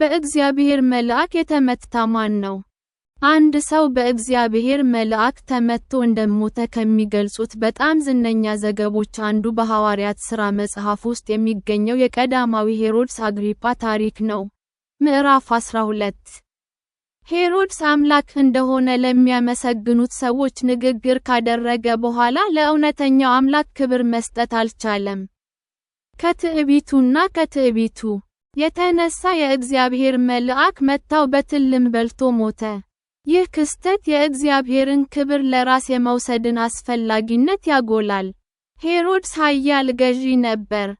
በእግዚአብሔር መልአክ የተመታ ማን ነው? አንድ ሰው በእግዚአብሔር መልአክ ተመቶ እንደሞተ ከሚገልጹት በጣም ዝነኛ ዘገቦች አንዱ በሐዋርያት ሥራ መጽሐፍ ውስጥ የሚገኘው የቀዳማዊ ሄሮድስ አግሪጳ ታሪክ ነው። ምዕራፍ 12 ሄሮድስ አምላክ እንደሆነ ለሚያመሰግኑት ሰዎች ንግግር ካደረገ በኋላ ለእውነተኛው አምላክ ክብር መስጠት አልቻለም። ከትዕቢቱና ከትዕቢቱ የተነሳ የእግዚአብሔር መልአክ መታው በትልም በልቶ ሞተ። ይህ ክስተት የእግዚአብሔርን ክብር ለራስ የመውሰድን አስፈላጊነት ያጎላል። ሄሮድስ ኃያል ገዢ ነበር።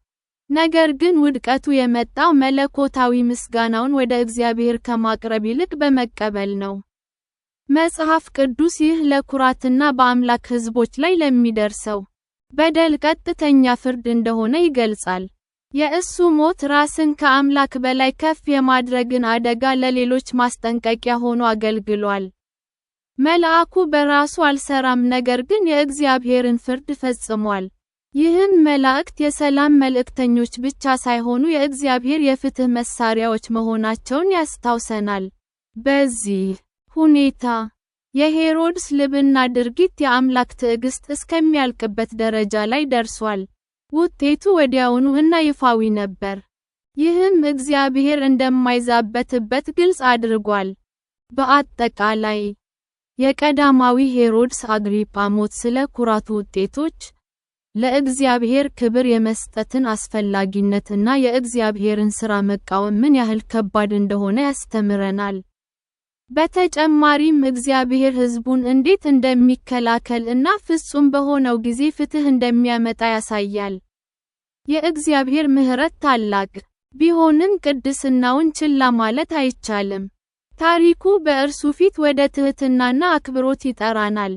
ነገር ግን ውድቀቱ የመጣው መለኮታዊ ምስጋናውን ወደ እግዚአብሔር ከማቅረብ ይልቅ በመቀበል ነው። መጽሐፍ ቅዱስ ይህ ለኩራትና በአምላክ ሕዝቦች ላይ ለሚደርሰው በደል ቀጥተኛ ፍርድ እንደሆነ ይገልጻል። የእሱ ሞት ራስን ከአምላክ በላይ ከፍ የማድረግን አደጋ ለሌሎች ማስጠንቀቂያ ሆኖ አገልግሏል። መልአኩ በራሱ አልሰራም ነገር ግን የእግዚአብሔርን ፍርድ ፈጽሟል። ይህም መላእክት የሰላም መልእክተኞች ብቻ ሳይሆኑ የእግዚአብሔር የፍትህ መሳሪያዎች መሆናቸውን ያስታውሰናል። በዚህ ሁኔታ የሄሮድስ ልብና ድርጊት የአምላክ ትዕግስት እስከሚያልቅበት ደረጃ ላይ ደርሷል። ውጤቱ ወዲያውኑ እና ይፋዊ ነበር። ይህም እግዚአብሔር እንደማይዛበትበት ግልጽ አድርጓል። በአጠቃላይ፣ የቀዳማዊ ሄሮድስ አግሪጳ ሞት ስለ ኩራቱ ውጤቶች፣ ለእግዚአብሔር ክብር የመስጠትን አስፈላጊነትና የእግዚአብሔርን ሥራ መቃወም ምን ያህል ከባድ እንደሆነ ያስተምረናል። በተጨማሪም እግዚአብሔር ሕዝቡን እንዴት እንደሚከላከል እና ፍጹም በሆነው ጊዜ ፍትህ እንደሚያመጣ ያሳያል። የእግዚአብሔር ምሕረት ታላቅ ቢሆንም ቅድስናውን ችላ ማለት አይቻልም። ታሪኩ በእርሱ ፊት ወደ ትሕትናና አክብሮት ይጠራናል።